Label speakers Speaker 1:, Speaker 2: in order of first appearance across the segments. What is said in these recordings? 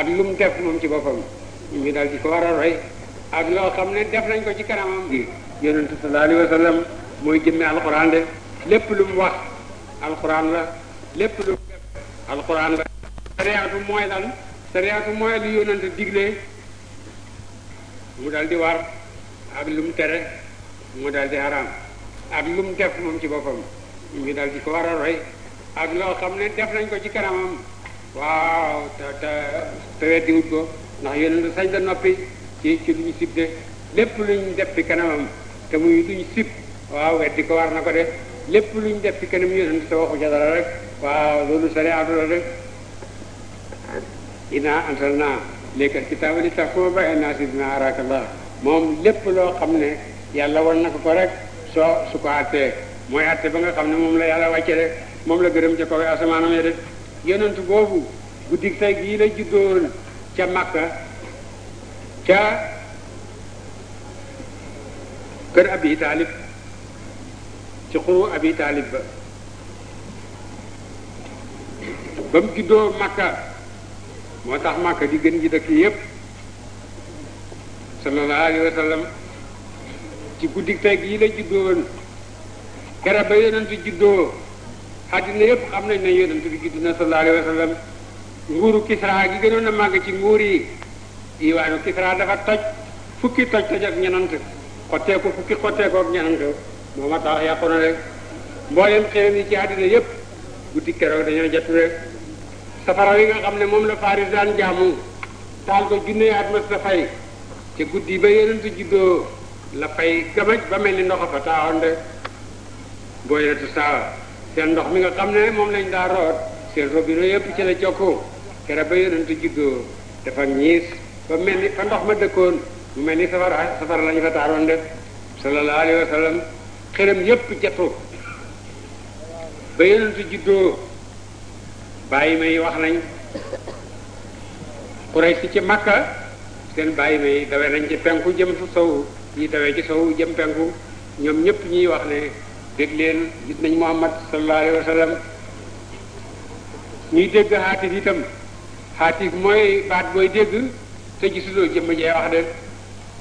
Speaker 1: ak lu mu def moom ci boppam ñu dal di ko war a roy ak loo xam ne def nañ ko ci kanamam gi yonente sallallahu alayhi wa sallam mooy lépp lu mu la lépp lu mu def alquran la sariyaatu mooy lan lu mu dal di war ak lu mu tere mu dal di haram ak lu mu def moom ci boppam ñu dal di ko war a roy ak loo xam ne def nañ ko ci kanamam waaw te te te weddiwut ko ndax yonent sañ la noppi ci ci lu ñu sib de lépp lu ñu def fi kanamam te muy lu ñu sib waaw weddi ko war na ko de lépp lu ñu def fi kanam yonent sa waxu ca rek waaw loolu sa la rek inaa antal naa léegi kitaaba li tax kuma bàyyi naa si dina arakallah moom lépp loo xam ne yàlla wan na ko ko rek soo su ko àttee mooy àtte ba nga xam ne moom la yàlla wàcce de moom la gërëm ca kaw asamaanam ya de yonent boobu guddig tey gii la juddoon ca Makka ca kër Abi Taalib ci xuru Abi Taalib ba ba mu juddoo Makka moo tax Makka di gën ji dëkk yépp sallallahu alayhi wa ci guddig tey gii la juddoon kera ba yonent juddoo àddina yëpp xam nañ ne yonent bi judd na sallallahu alayhi wa sallam nguuru Kisra gi gënoon a màgg ci nguur yi diwaanu Kisra dafa toj fukki toj toj ak ñenant xotteeku fukki xotteeku ak ñenant ci àddina yëpp guddi keroog dañoo ne moom la Faris daan jaamu taal ko junne at mas la fay te guddi ba yonent juddoo la fay gamaj ba mel ni ndox fa taawoon de booy retu saawa seen ndox mi nga xam ne moom lañ daa root seen robinet yëpp ci la jokku kere ba yonent juddoo dafa ñiis ba mel ni fa ndox ma dëkkoon mu mel ni safara safara lañu ko taaroon def sallallahu alayhi wa sallam yëpp jatu ba yonent juddoo bàyyi may wax nañ Quraysh si ci Makka seen bàyyi may dawe nañ ci penku jëm su sow yi dawee ci sow jëm penku ñoom ñëpp ñuy wax ne dégg gis nañ Muhammad sallallahu alayhi wa sallam ñuy dégg xaatif itam xaatif mooy baat booy dégg te gisuloo jëmm jee wax de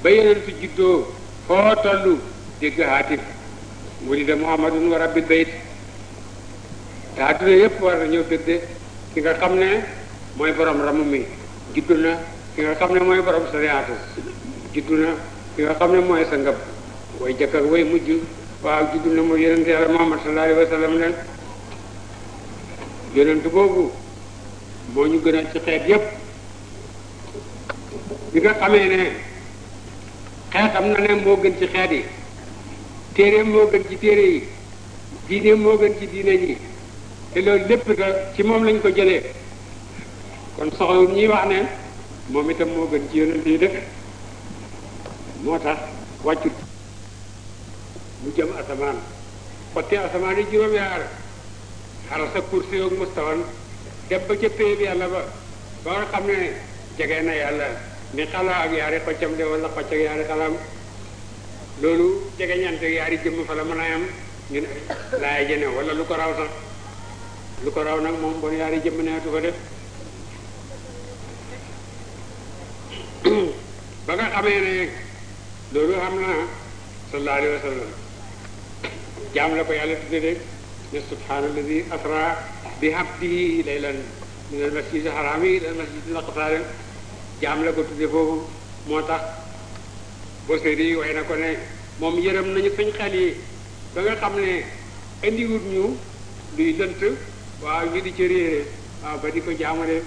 Speaker 1: ba yeneen su juddoo foo tollu dégg xaatif wulida Muhammadun wa rabbil bayt te àdduna yépp war na ñëw dégg de nga xam ne mooy borom ramu mi juddu na ki nga xam ne mooy borom sariyaatu juddu na ki nga xam ne mooy sa ngab way jëkk ak mujj waaw juddu na mooy yonent yàlla Muhammad sallallahu alayhi wa sallam leen yonent boobu moo ñu gën ci xeet yépp bi nga xamee ne xeetam na ne moo gën ci xeet yi téereem moo gën ci téere yi diineem moo gën ci diine yi te loolu lépp nga ci moom lañ ko jëlee kon soxlawul ñuy wax ne moom itam moo gën ci yonent yi def moo tax wàccut mu jëm asamaan xotti asamaan yi juróom-ñaar xaral sa kursi ak mustawan dem ba ca péeb yàlla ba ba nga xam ne jege na yàlla ni xala ak yaari xoccam de wala xocc ak yaari xalam loolu jege ñante yaari jëmm fa la mën a am ñu ne laay jene wala lu ko raw sax lu ko raw nag moom bon yaari jëmm neetu ko def ba nga xamee ne loolu xam na sallallahu alayhi jaam la ko yàlla tudde de ne subhaanalladi asra bi abdihi laylan min al masjid al haram ila al masjid al aqsa jaam la ko tudde foofu moo tax Busiri way na ko ne moom yërëm nañu suñ xel yi ba nga xam ne indiwut ñu luy lënt waaw ñu di ci réere ba di ko jaamu de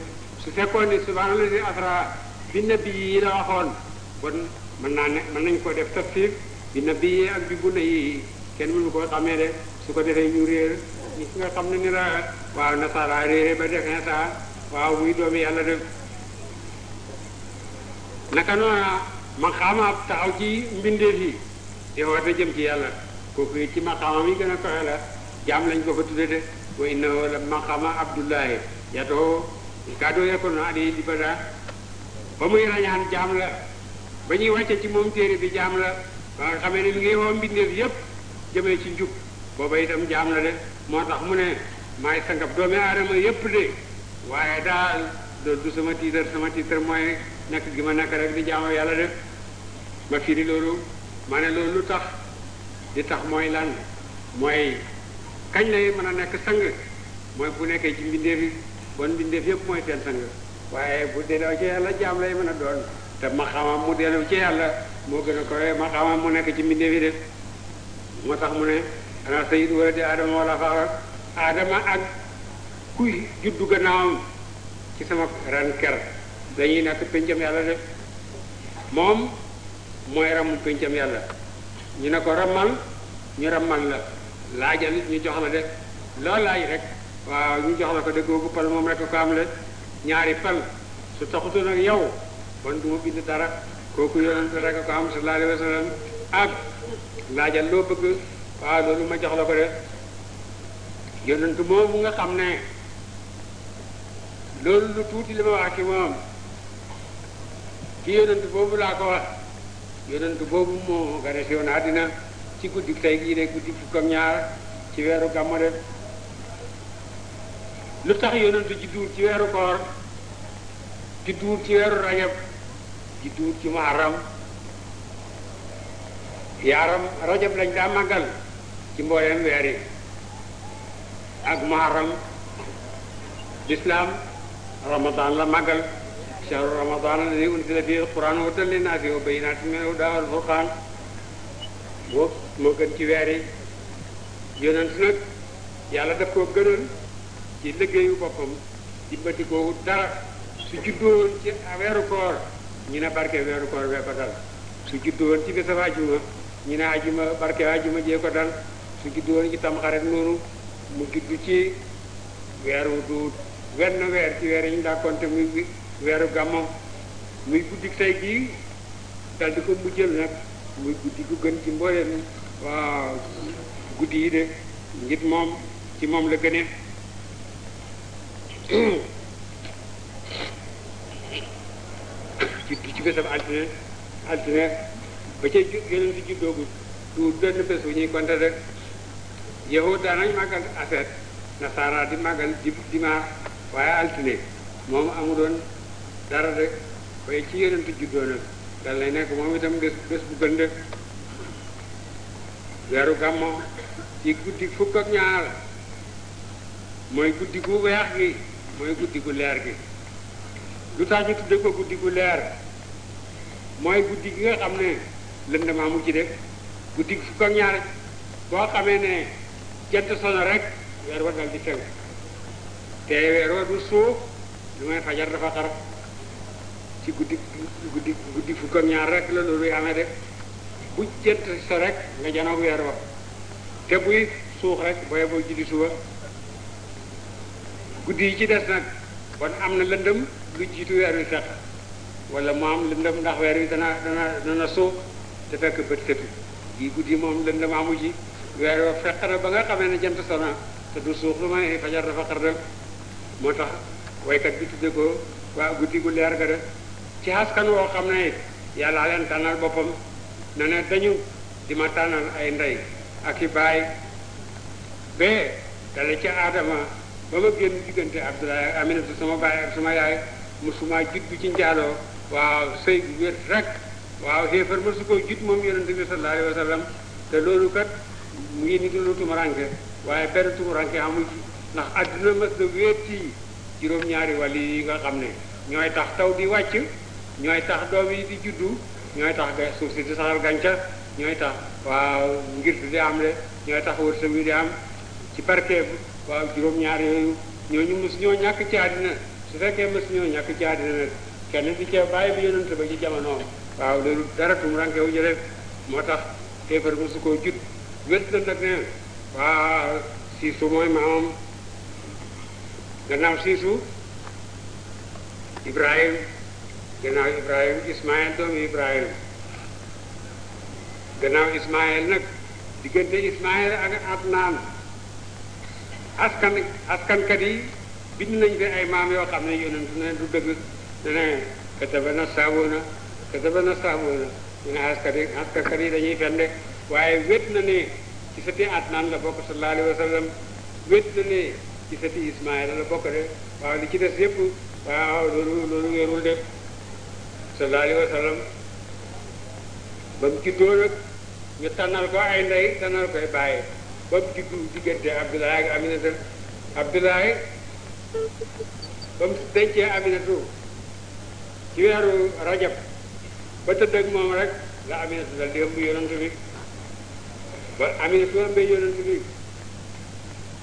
Speaker 1: su fekkoon ne subhaanalladi asra bi nabi yi la waxoon bon mën naa ne mën nañ ko def tafsir bi nabi yi ak bi bu ne yi kenn mënu koo xamee de su ko defee ñu réer ñi nga xam ne ni la waaw nasaara réere ba def insa waaw muy doomi yàlla def naka noona maqaama taxaw ci mbindeef yi di woote jëm ci yàlla kooku it ci maqaama mi gën a koxe la jaam lañ ko fa tudde de wa innahu la maqaama abdullahi yatoo kaa doo yekkoon na adi di bada ba muy rañaan jaam la ba ñuy wàcce ci moom téere bi jaam la ba nga xamee ne mi ngi woo mbindeef yépp jëmee ci njub booba itam jaam la de moo tax mu ne maay sangab doomi aadama yépp de waaye daal du sama tiitar sama tiitar mooy nekk gi ma nekk di jaamu yàlla de ma firi loolu ma ne loolu lu tax di tax mooy lan mooy kañ lay mën a nekk sang mooy bu nekkee ci mbindeef yi bon mbindeef yépp mooy seen sang waaye bu delloo ci yàlla jaam lay mën a doon te ma maxamam mu delloo ci yàlla moo gën a ma maxamam mu nekk ci mbindeef yi de moo tax mu ne ana sayid wala adama wala faxra adama ak kuy juddu gannaawam ci sama ran ker dañuy nekk pencam yàlla def moom mooy ramu pencam yàlla ñu ne ko ramal ñu ramal la laajal ñu jox la de loo laaj rek waaw ñu jox la ko de googu pal moom rek ko am le ñaari pal su taxutu nag yow man du bind dara kooku yonent rek ko am sallallahu alayhi wa ak laajal loo bëgg waaw loolu ma jox la ko de yonent moomu nga xam ne loolu lu tuuti li ma wax ci moom ci yonent boobu laa ko wax yonent boobu moo gane si woon àddina ci guddi tey gii de guddi fukk ñaar ci weeru gàmmu de lu tax yonent ji duur ci weeru koor di duur ci weeru rajab di duur ci muharram yaaram rajab lañ daa màggal ci mbooleem weer yi ak muharram l'islam ramadan la màggal shahru ramadan alladi unzila fihi alquran hudan linnaasi wa bayyinatin minal huda wal furqan boo moo gën ci weer yonent nag yàlla daf koo gënoon ci liggéeyu boppam ci bëtikoowu dara su juddoon ci weeru koor ñu ne barke weeru koor bee su juddoon ci bi safaa juma ñu ne ajuma barke ajuma jee dal su juddu woon ci tamxarit noonu mu juddu ci weeru du wenn weer ci weer yi ñu daa compter muy weeru gàmmo muy guddi tey gii dal di ko mujjël nag muy guddi gën ci mbooleem waaw guddi yi de ngir moom ci moom la gënee ci ci bésam altine altine ba ca ju yeneen fi juddoogul du benn bés bu ñuy konte rek yahud daanañ màggal aseet nasaara di màggal di dimanche waaye altine moom amu dara rek ba ci yeneen fi juddoo nag dal lay nekk moom itam bés bés bu gën rek weeru gàmmo ci guddi fukk ak ñaar mooy guddi gu weex gi mooy guddi gu leer gi lu tax ñu tudde guddi gu leer mooy guddi gi nga xam lëndëmaa mu ci guddi fukk ak ñaar boo xamee ne jant sono rek weer wa dal di fenk te weer wa du suuf lu may fajar dafa xar ci guddi guddi guddi fukk ak ñaar rek la loolu amee def bu jant so rek nga janoog weer wa te buy suux rek booye boo julli suba guddi yi ci des nag kon am na lëndëm lu jiitu weer wi sax wala mu am lëndëm ndax weer wi dana dana dana suux te fekk bët setu ji guddi moom lëndëm amu ji weer wa fekk na ba nga xamee ni jant sona te du suux lu may fajar dafa xar dem moo tax waykat bi tudde ko waa guddi gu leer ga ci askan woo xam ne yàlla leen tànnal boppam na ne dañu di ma tànnal ay ndey ak i baay bee dale ci aadama ba ma génn diggante Abdoulaye ak Aminata sama baay ak sama yaay musuma juddu ci njaaloo waaw sëy bu wér rek waaw xéefar mësu koo jut moom yonent bi sallallahu alayhi wa sallam te loolu kat mu ngi nit lu tumuranke waaye benn tumuranke amul ndax àdduna mës na wéet yi nga xam ne ñooy tax taw di wàcc ñooy tax yi di juddu ñooy ga suuf si di gàncax ñooy tax waaw ngir di am le ñooy tax wërsëg wi ci barke waaw juróom-ñaar yooyu ñooñu mës ñoo ñàkk ci àddina su fekkee mës ñoo ñàkk ci àddina nag kenn di ca bàyyi bi yonent ba ci jamonoom waaw loolu dara tumuranke wu jële moo tax kéefar mu su koo jut wét la nag ne waa siisu mooy maamam gannaaw siisu ibrahim gannaaw ibrahim doomu ibrahim gannaaw ismail nag diggante ismail ak adnaan askan askankat yi bind nañ fi ay maam yoo xam ne yonent du dëgg ne ne kataba na te dama na saabu ñu ne askan yi askan yi dañuy fen de waaye wét na ne ci sëti Adnaan la bokk sallallahu alayhi wa sallam na ne ci sëti Ismaayla la bokk de waaw li ci des yépp waaw loolu loolu wérul de sallallahu alayhi wa ba mu juddoo nag ñu tànnal ko ay ndey tànnal koy bàyyi ba mu juddu diggante Abdoulaye ak Aminata Abdoulaye ba mu dencee Aminatu ci weeru rajab ba tëdd ak moom rek la Aminata dal di ëmb bi ba Aminata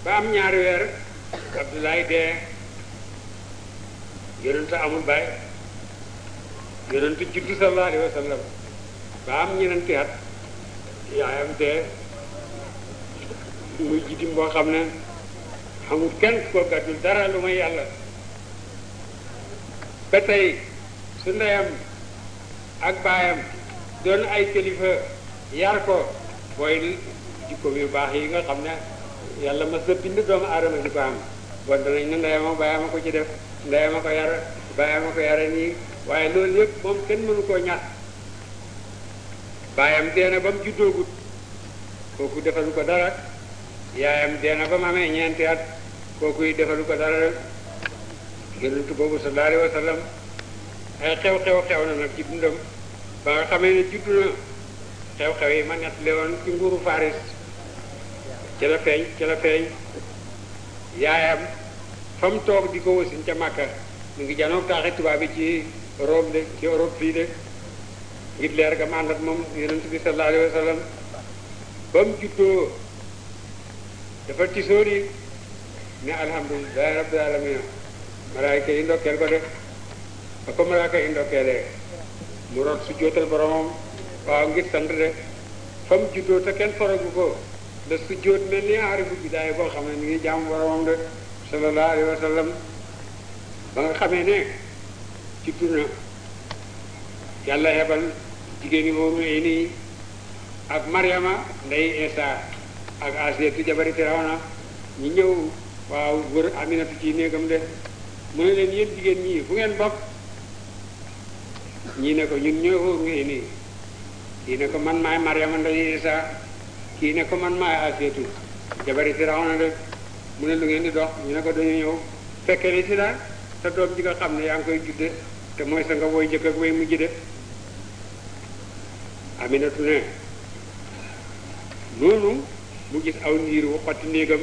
Speaker 1: ba am ñaari weer Abdoulaye dee yonent amul baay yonent juddu sallallahu alayhi ba am ñenenti at yaayam dee muy jitim boo xam ne xamul kenn ko gàddul dara lu may yàlla ba tey su ndeyam ak baayam doon ay kilifa yar ko booy jikko yu baax yi nga xam ne yàlla mas na bind doomu aadama di ko am bon danañ ne ndeyam ak baayam a ci def ndeyam a ko baayam a yara nii waaye loolu yëpp moom kenn mënu koo ñàkk baayam dee na ba mu juddoogut kooku defalu ko dara yaayam dee ba mu amee ñeenti at kooku defalu ko dara yonentu boobu sallallahu alayhi Eh, xew-xew xew na nag ci dundam ba nga xamee ne juddu na xew-xew yi ma nett lewoon ci nguuru Faris ci la yaayam fa mu toog di ko wasin ca Makka mu ngi janoog taaxi tubaab bi ci Rome de ci Europe fii de ngir leer ga ànd ak moom yonent bi sallallahu alayhi wa ba mu juddoo dafa tisóor yi ne alhamdulilahi rabbil alamin malaayika yi ndokkeel ko def ba ko malaaka yi mu root su jootal waaw ngir sant de fa mu juddoo te kenn faragu ko da su joot mel ni aarifu bidaay boo xam ne mi ngi jaamu boromam de sallallahu alayhi ba nga xamee ne ci duna yàlla hebal jigéen ñi moom lay nii ak Mariama ndey Isa ak Asiyatu jabari Firawna ñu ñëw waaw wër Aminatu ci néegam de mu ne leen yéen jigéen ñi fu ngeen bokk ñii ne ko ñun ñoo ko ngi nii kii ne ko man maay Mariama nday Isa kii ne ko man maay Asiyatu jabari Firawna de mu ne lu ngeen di dox ñu ne ko dañu ñëw fekkee ni si daal sa doom ji nga xam ne yaa ngi koy judde te mooy sa nga woy jëkk ak woy mujj de Aminatu ne noonu mu gis aw niir xotti néegam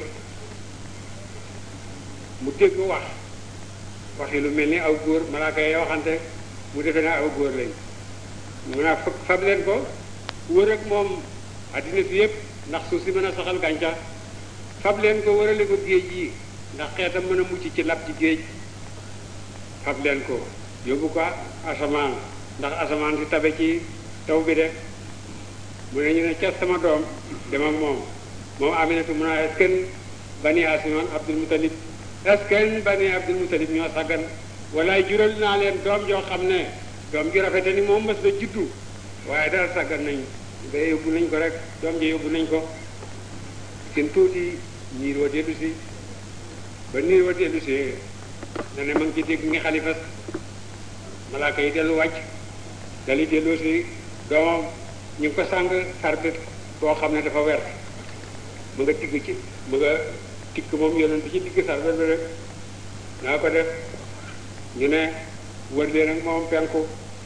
Speaker 1: mu dégg wax waxi lu mel ni aw góor malaaka ya waxante mu defe naa aw góor lañ mu naa fab fab leen ko wër ak moom addina si yëpp ndax suuf si mën a saxal gàncax fab leen ko wërale ko géej yi ndax xeetam mën a mucc ci lab ci géej fab leen ko yóbbu ko asamaan ndax asamaan si tabe ci taw bi de mu ne ñu ne ca sama doom dem ak moom moom aminatu mun a askan bani asiman abdul mutalib askan bani abdul mutalib ñoo sàggan walaay jural naa leen doom joo xam ne doom ju rafete ni moom mës na juddu waaye dara sàggan nañ ba yóbbu nañ ko rek doom ji yóbbu nañ ko seen tuuti niir wa dellu si ba niir ma ngi ci yi dellu wàcc dali dellu si doomam ñu sàng sarde boo xam ne dafa wert mu nga tigg ci mu nga tikk moom yonent ci digg sarde bi rek naa ko def ñu ne wër leen ak moom penku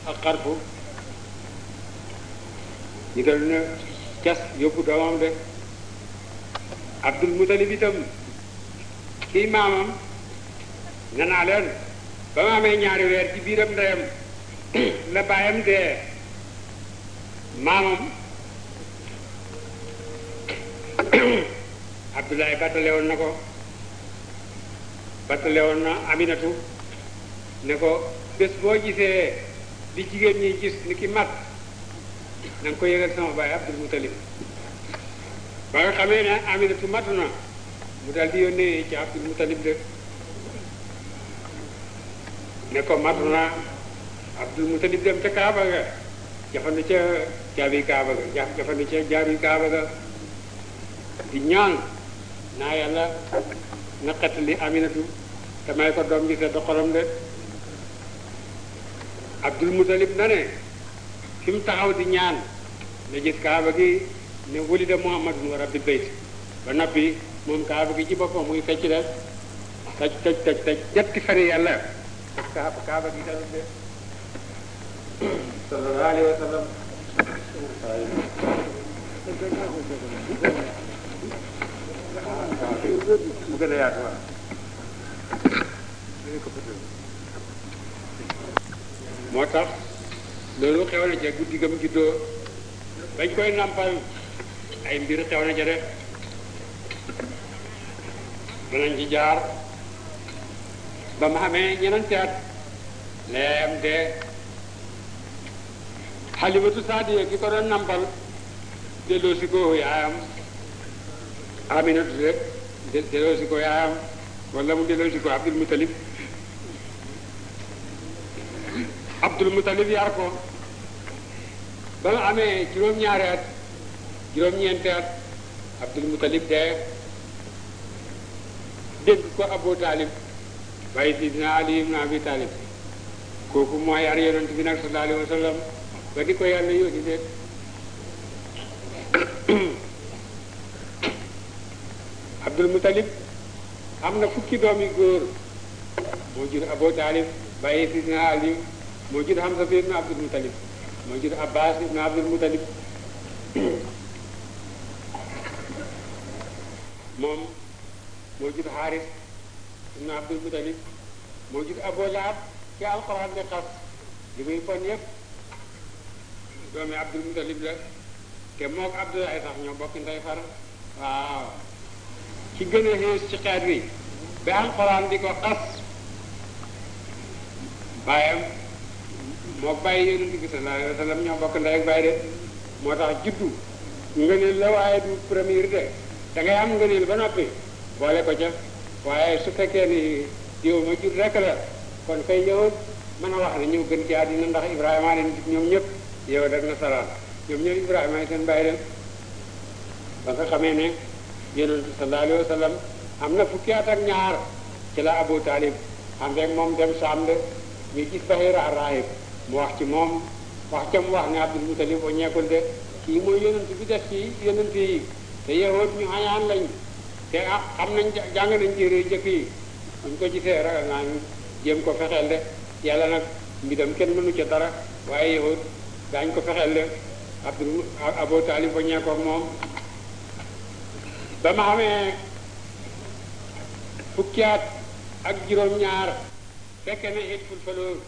Speaker 1: ak xarfu ñu dal ne cas yóbbu doomam de abdul mutalib itam kii maamam ne leen ba ma amee ñaari weer ci biiram ndeyam la bàyyam dee maamam abdoulaye battale na ko battale woon na aminatu ne ko bés boo gisee di jigéen ñi gis ni ki mat na ko yëgal sama baay Abdul Mutalib ba nga xamee ne Aminatu matu na mu dal di yónnee Abdul Mutalib de ne ko matu na Abdul Mutalib dem ca Kaaba ga jafandu ca jaabi Kaaba ga jafandu ca jaabi Kaaba ga di ñaan naa yàlla na xettali Aminatu te may ko doom gi sa de abdul mutalib na ne fi mu taxaw di ñaan la gis kaaba gi ne wulida muhammadun wa rabbi bayt ba noppi moom kaaba gi ci boppam muy fecc de taj taj taj taj ñetti fan yàlla ndax kaaba gi mu gën a yaatu waaw moo tax loolu xew na ca guddi gam juddoo bañ koy nàmpal ay mbir xew na ca def danañ ci jaar ba mu xamee ñeneen at la yaayam dee xalimatu saadiya ki ko doon nàmpal delloo si ko yaayam aminatu rek delloo si ko yaayam wala mu delloo si ko abdul mutalib Abdul Muttalib yar ko ba mu amee juróom-ñaari at juróom-ñeenti at Abdul Muttalib dee dégg ko Abu Talib waaye Sidina Ali ibn Abi Talib kooku moo yar yonent bi nag sallallahu alayhi wa sallam ba di ko yàlla yónni de Abdul Muttalib am na fukki doomi góor moo jur Abu Talib bàyyi Sidina Ali moo jur Hamza ibn Abdul Muttalib moo jur Abbas ibn Abdul Muttalib moom moo jur Haris ibn Abdul Muttalib moo jur Abu ci alxuraan di xas li muy fon yëpp doomi Abdul Muttalib la te mook Abdoulaye sax ñoo bokk ndey far waaw ci gën a xees ci xeet wi ba alxuraan di ko xas baayam moo bàyyi yonent bi sallallahu alayhi wa sallam ñoo bokk ndey ak bàyyi de moo tax juddu ngëneel la waaye du premier de da am ngëneel ba noppi boole ko ca waaye su fekkee ni yow ma jur rek la kon kay yow mën a wax ne ñëw gën ci àddina ndax ibrahimaa leen gis ñoom ñëpp yow rek na saraan ñoom ñëw Ibrahima ay seen bàyyi leen ba nga xamee ne yonent bi sallallahu wa sallam am na fukki at ak ñaar ci la Abu Talib am rek moom dem Saam de ñu gis Bahira Rahib mu wax ci moom wax ca mu wax ne Abdul Mutalib o ñeekul de kii mooy yonent bi def ci yonent yi te yahoot ñu xañaan lañ te ah xam nañ jàng nañ téere yu njëkk yi buñ ko gisee ragal naa ñu jéem ko fexeel de yàlla nag mbiram kenn mënu ca dara waaye yahoot daañ ko fexeel de Abdul Abu Talib o ñeekook moom ba ma xamee fukki ak juróom-ñaar fekke na it ful faloor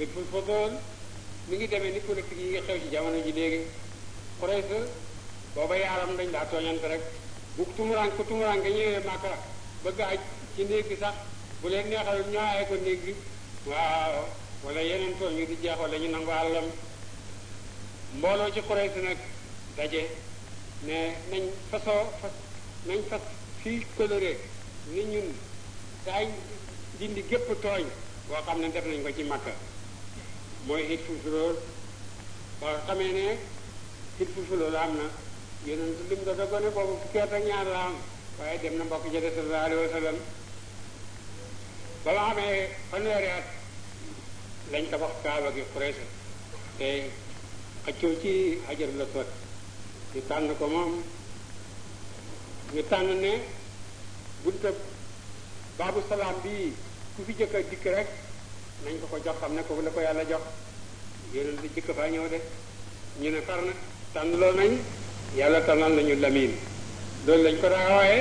Speaker 1: xitful fadol mu ngi demee ni politique yi nga xew ci jamono ji léegi Quraysh booba yaaram dañ daa tooñante rek bu tumuraan ku tumuraan nga ñëwee Makka bëgg aj ci néeg bi sax bu leen neexal ñoo ay ko néeg bi waaw wala yeneen tooñ yi di jeexoo la ñu nangu àllam mbooloo ci Quraysh nag daje ne nañ fasoo fas nañ fas fii coloré ni ñun daañ dindi gépp tooñ boo xam ne def nañ ko ci Makka mooy xit fulfulool ba xamee ne xit fulfulool am na yonent lim da dogone boobu fukki at ñaar la am waaye dem na mbokk jële sallallahu alayhi wa sallam ba nga xamee fanweeri at lañ tabax kaaba gi Quraysh ci xajar la sot ñu tànn ko moom ñu tànn ne bunta baabu salaam bi ku fi jëkk a dikk rek nañ ko ko jox xam ne ko la ko yàlla jox yonent bi jëkk faa ñëw de ñu ne far na tànn loo nañ yàlla tànnal nañu lamin loolu lañ ko daa waaye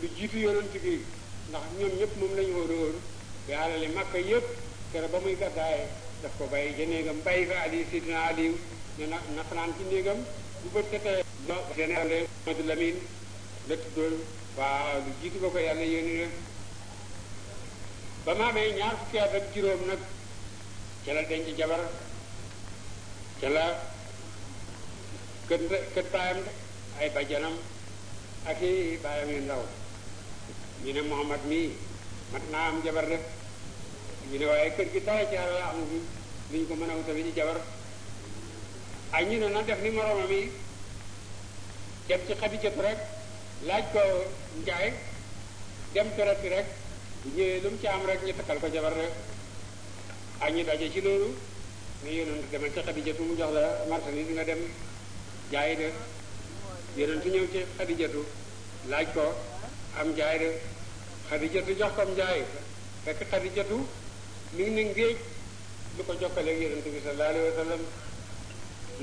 Speaker 1: lu jiitu yonent bi ndax ñoom ñëpp moom lañu wóoru wóoru bi alali makka yëpp kere ba muy gàddaaye daf ko bàyyi ja néegam bàyyi fa ali sidina aliw ne na nafanaan ci néegam bu bët setee no général Lamin la tuddoon waaw lu jiitu ba ko yàlla yónni ba ma amee ñaar fukki at ak juróom nag ca la denc jabar ca la kët kët baayam de ay bajanam ak i baayam yu ndaw ñu ne Muhammad mii mat naa am jabar de ñu ne waaye kër gi dara ci la amu fi liñ ko mën a wutale ci jabar ay ñu ne na def ni moromam yi dem ci Xadijatu rek laaj ko njaay dem terati rek bu ñëwee lu mu ci am rek ñu takkal ko jabar rek ak daje ci loolu nga yonent demal ci xadijatu mu jox la marchandise nga dem jaay de yonent ñëw ci xadijatu laaj ko am jaay de xadijatu jox ko am jaay fekk xadijatu mi ngi ne lu ko jokkaleeg yonent bi sallallahu alayhi wa sallam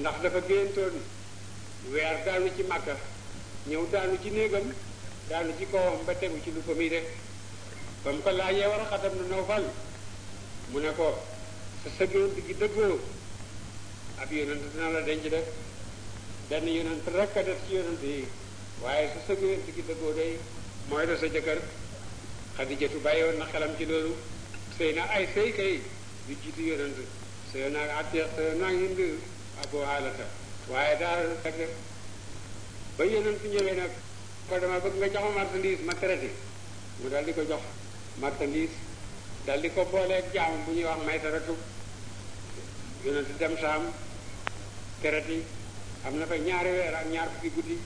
Speaker 1: ndax dafa géntoon weer daanu ci màkka ñëw daanu ci néegam daanu ci kawam ba tegu ci lu ko muy def ba mu ko laajee war a xatam na Nawfal mu ne ko sa sëggoon bi gi dëggoo ab yonent dina la denc def benn yonent rek a def ci yonent yi waaye sa sëggoon bi gi dëggoo day mooy da sa jëkkër Xadijatu bàyyoon na xelam ci loolu sëy na ay sëy kay du jiitu yonent sëy naa Atiq sëy naa Hind Abu Haalata waaye daal rek ba yonent ñëwee nag ko dama bëgg nga jox ma marchandise ma traité mu daal di ko jox marchandise dal di ko booleeg jaam bu ñuy wax maytaratu yonent dem saam kereti am na fa ñaari weer ak ñaar fukki guddi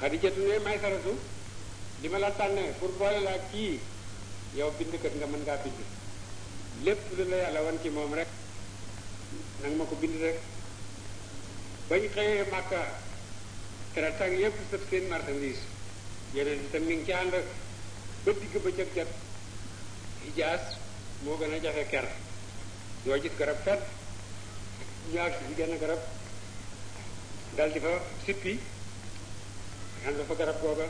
Speaker 1: xadijatu ne maytaratu li ma la tànnee pour boole laa kii yow bindkat nga mën ngaa bind lépp lu la yàlla wan ci moom rek nanga ma ko bind rek bañ xëyee màkka traitang yépp sëf seen marchandise yeneen itam mi ngi ci ànd ak ba digg ba cëg jot hijaas moo gën a jafe ker doo gis garab fet ñu àgg ci genn garab dal di fa sippi ànd fa garab googa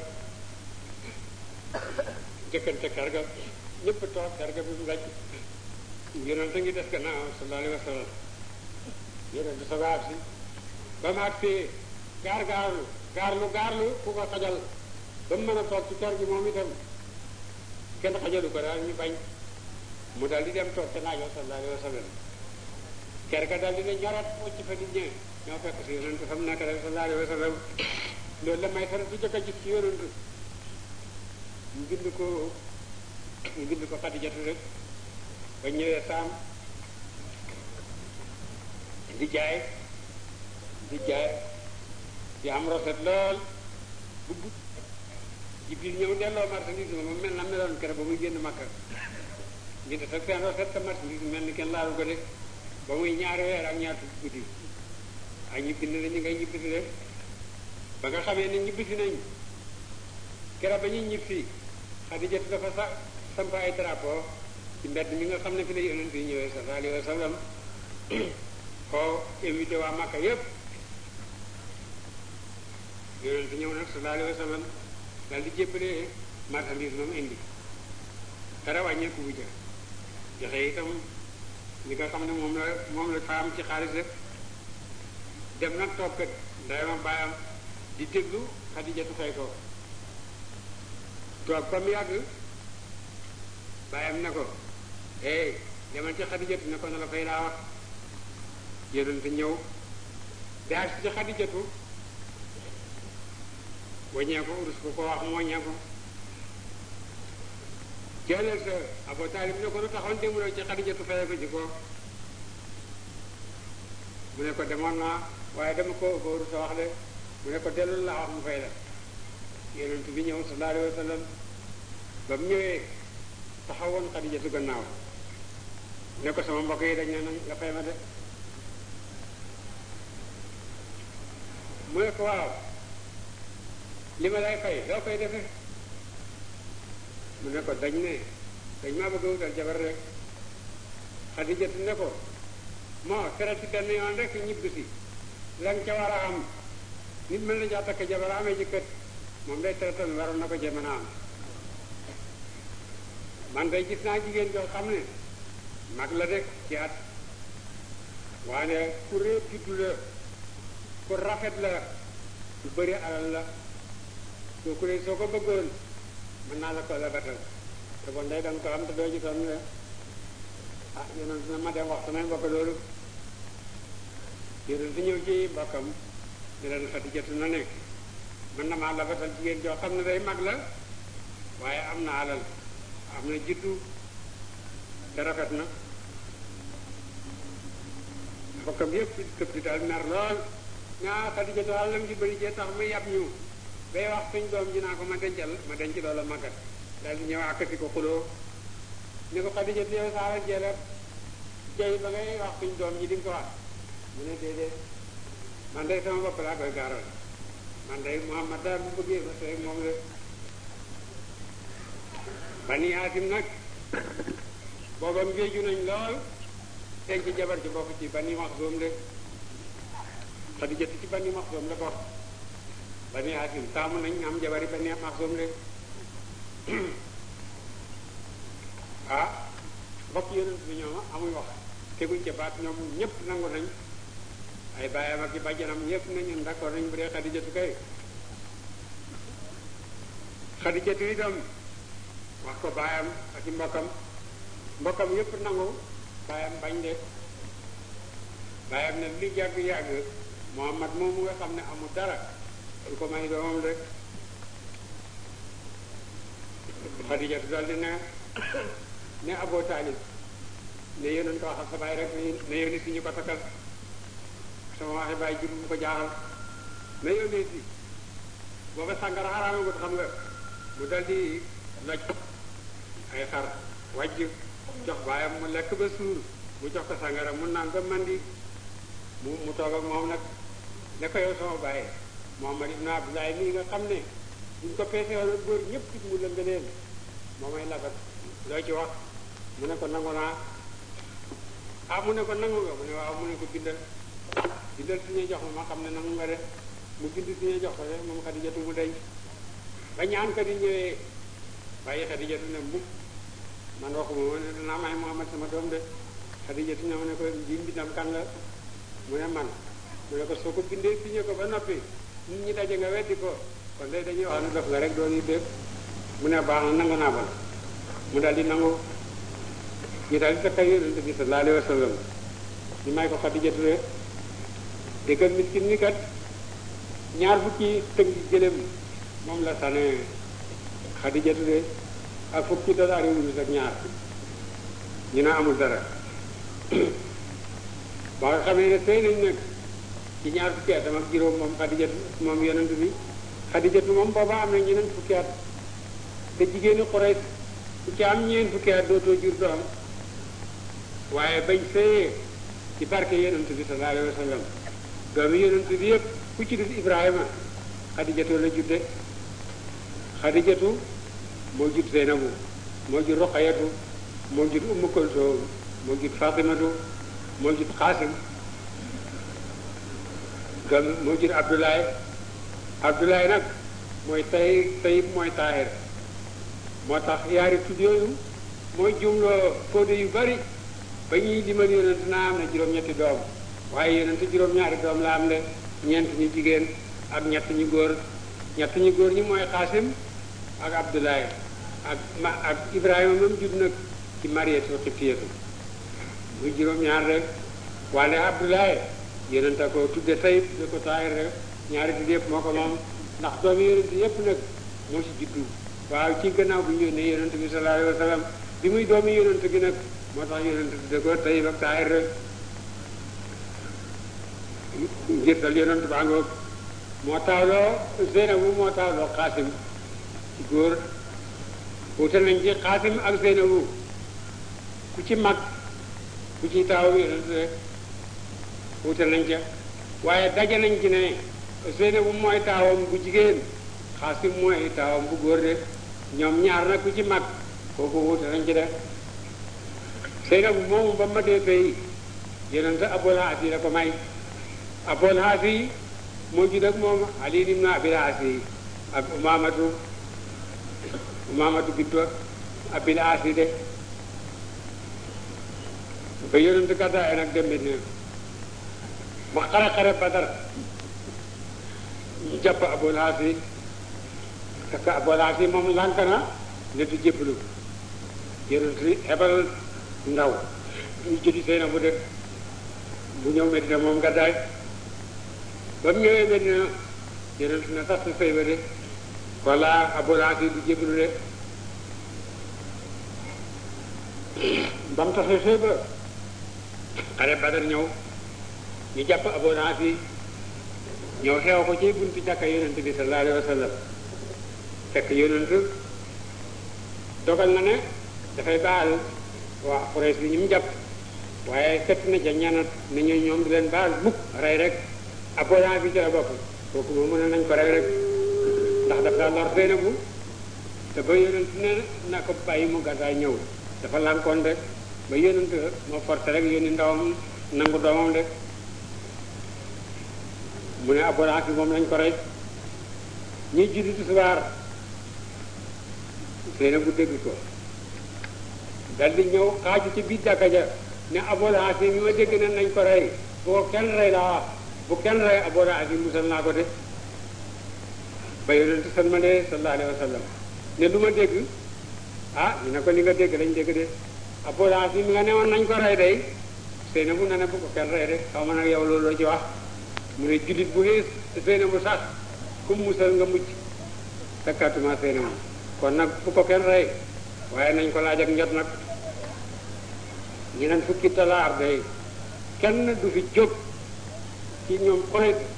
Speaker 1: jëkkante karga ñëpp toog karga bi mu laj yonent a ngi des gannaaw sallallahu alayhi wa sallam yonent sa ba ab si ba mu àgg gaar gaarlu gaarlu gaarlu ku ko xajal ba mu mën a toog ci kër gi moom itam kenn xajalu ko daal ñu bañ mu daal di dem toog ca naaj wa sallallahu alayhi ga daal di ne ñorat wacc fa nit ñi ñoo fekk si yonentu fa mu nekk daal sallallahu alayhi wa sallam loolu la jëkk a gis ci yonentu ñu bind ko ñu bind ko xadijatu rek ba ñëwee saam di jaay di am rafet lool bu Jibril ñëw delloo marchandise ma mel na meloon kere ba muy génn Makka ngir dafa feeñ loo fekk marchandise mel ni kenn laalu ko de ba muy ñaari weer ak ñaar fukki guddi ak ñibbisi la ñu ngay ñibbisi leen ba nga xamee ni ñibbisi nañ kere ba ñuy ñibbisi Xadija dafa sa samp ay drapeau ci mbedd mi nga xam ne fi la yonent yi ñëwee sallallahu alayhi wa waa Makka yépp yonent ñëw nag sallallahu alayhi daal di jébbalee marchandise moom indi dara wàññeeku bu jël joxe itam li nga xam ne moom la moom la fa ci xaalis rek dem nag toog kat ndeyam baayam di déglu xadijatu fay ko toog ba yàgg baayam na ko eh demal ci xadijatu ne ko na la fay laa wax yéen ñëw daal ci xadijatu waññee ko urus ko ko wax mu waññee ko ci ëllëg sa Abu Taalib ne ko lu taxoon demuloo ci waaye dama ko ko urus wax de mu ne ko dellul laa wax mu fay la yonent bi ñëw sallallahu alayhi wa sallam ba mu ñëwee taxawoon Xadijatu gannaaw ne ko sama mbokk yi dañ ne nga fay ma de mu ne ko waaw li ma lay fay loo koy defe mu ne ko dañ ne dañ maa bëgg a wutal jabar rek xadijatu ne ko moo tere ci benn yoon rek ñibbi si ca war a am nit mën na caa takk jabar amee ci kët moom day tere tamit waroon na ko jéem a am man day gis naa jigéen joo xam ne mag la de ci at waaye ku réew juddu la ku rafet la ku bëri alal la kooku de soo ko bëggoon mën naa la ko labatal te bon day doon ko xam te doo ci sonn ne ah yonent na ma dem wax samay mbokk loolu yonent ñëw ci mbokkam di leen xatijatu na nekk mën na maa labatal jigéen joo xam ne day mag la waaye am na alal am na juddu te rafet na mbokkam yëpp këpp di daal mer lool ñaa xatijatu àllam ji bëri jee tax mu yàpp ñu bay wax suñ doom ji naa ko ma dencal ma denc loola màggat daal di ñëw àkkati ko xuloo ne ko Xadija yow saara jeeler jey ba ngay wax suñ doom ji di ko wax mu ne déedéet man day sama bopp laa koy gaaral man day Muhammad daal bu bëggee ba tey moom la Bani Haasim nag booba mbéju nañ lool denc jabar ji bokk ci Bani Maxsum de Xadija ci Bani Maxsum la bokk bani hasim taamu nañ am jabari bani maxsum léegi ah mbokk yonent bi ñoom amuñ wax teguñ ca baat ñoom ñëpp nangu nañ ay bàyyam ak i bàjjanam ñëpp nañu d'accord nañ bu dee xadijatu kay xadijatu itam wax ko bàyyam ak i mbokkam mbokkam yëpp nangu bàyyam bañ de bàyyam ne li yàgg yàgg Muhammad moomu nga xam ne amul dara dañ ko may doomam rek Xadijatu dal di ne ne Abu Taalib ne yéen ko waxal sa baay rek ne yónni si ñu ko sama waxi baay jur bu ko jaaxal ne yónnee si booba sàngara xaraamagut xam nga mu dal di loj ay xar wàjj jox baayam mu lekk ba suur mu jox ko sàngara mu naan ba mandi mu mu toog moom nag ne ko yow sama baay Muhammad ibn Abdullah mii nga xam ne buñ ko peese woon ak góor ñëpp ci mu lëmbe leen moo may labat loo ci wax mu ne ko nangu naa ah mu ne ko nangu nga mu ne ko bindal bindal jox ma ma xam ne jox ko de moom Xadijatu mu denc ba ñaan kat yi ñëwee waaye Xadijatu ma ne danaa ma ne ko mu ne man mu ne ko soo ko bindee signé ko ba noppi nit ñi daje nga weddi ko kon day dañuy wax ne def nga rek doon yi def mu ne baax na nangu naa ba mu daal di nangu ñu daal di takk yonent bi sallallahu alayhi wa sallam ñu may ko Xadija Ture di kat miskin ni ñaar fukki tënk gëléem moom la sànne Xadija Ture ak fukki dollar yu wurus ak ñaar ñu ne amul dara ba nga xamee ne sëy nañ nag ci ñaar fukki atam ak juróom moom xadijatu moom yonent bi xadijatu moom booba am na ñeneen fukki at te jigéeni Quraysh ci am ñeen fukki at dootoo jur doom waaye bañ fee ci barke yonent bi sallallahu alayhi wa sallam doomi yonent yëpp ku ci dul Ibrahima xadijatu la judde xadijatu moo jur Zeynabu moo jur Roqayatu moo jur Ummu Kulsum moo jur Fatimatu moo jur Xaasim gam moo jur Abdoulaye Abdoulaye nag mooy tay tayib mooy taahir moo tax yaari tudd yooyu mooy jumloo fóode yu bari ba ñuy limal yonent naa am na juróom-ñetti doom waaye yonent juróom-ñaari doom la am le ñeent ñu jigéen ak ñett ñu góor ñett ñu góor ñi mooy Xaasim ak Abdoulaye ak ma ak Ibrahima moom jud nag ci Mariyatu Xibtiyatu muy juróom-ñaar rek wala Abdoulaye yonent a ko tudde tayib ne ko taahir ñaari tudd yëpp moo ko moom ndax doomi yonent yëpp nag moo ci juddu waaw ci gannaaw bi ñu ne yonent bi sallallahu alayhi wa sallam bi muy doomi yonent gi nag moo tax yonent tudde ko tayib ak taahir rek njirtal yonent baa ngoog moo taawloo Xaasim ci góor wute nañ ci Xaasim ak Zeynabu ku ci mag ku ci taaw yonent rek wutal nañ ca waaye daje nañ ci ne Seynabu mooy taawam bu jigéen Xaasim mooy taawam bu góor de ñoom ñaar nag ku ci mag kooku wuute nañ ci def Seynabu moomu ba matee sëy yonente Abul Haas yi la ko may Abul Haas yi moo judd ak moom Ali ibn Abil Haas yi ak Umaamatu Umaamatu bintu Abil Haas yi de ba yonente gàddaay nag dem Medina ba xare-xare badar ñu jàpp abolaas yi fekk abolaas yi moom lànk na ne du jébbalu yonent bi ebal ndaw ñu jëli seen bu def bu ñëw Medina moom nga daay ba mu ñëwee Medina yonent na sax sa sëy ba de walla du jébbalu de ba mu tax sa xare badar ñëw ñu jàpp abonance yi ñëw xew ko ci buntu jàkka yonent bi sallallahu alayhi wa sallam fekk yonent dogal na ne dafay baal waa Quraysh bi ñu jàpp waaye fett na ca ñaanat na ñu ñoom di leen baal mukk rey rek abonance bi ci la bokk kooku moom mën nañ ko rey rek ndax daf daa lor Zeynabu te ba yonent ne na ko bàyyi mu gàddaay ñëw dafa lànkoon rek ba yonent moo forcé rek yónni ndawam nangu doomam rek mu ne aboraas bi moom nañ ko rey ñuy julli tisbaar Seyna bu dégg ko dal di ñëw xaaju ci biir jàkka ja ne aboraas bi mi ma dégg nañ lañ ko rey bu ko kenn rey laa bu kenn rey aboraas bi musal naa ko de ba yonent san ma de sallallahu alayhi wa ne lu ma dégg ah ñu ne ko li nga dégg lañ dégg de aboraas mu mi nga newoon nañ ko rey day Seyna bu ne ne bu ko kenn rey de xaw ma nag yow loolu ci wax mu ne jullit bu xees te feeñamu sax ku musal nga mucc sakkatuma feeñamu kon nag fu ko kenn rey waaye nañ ko laaj ak njot nag ñeneen fukki talaar day kenn du fi jóg ci ñoom xonet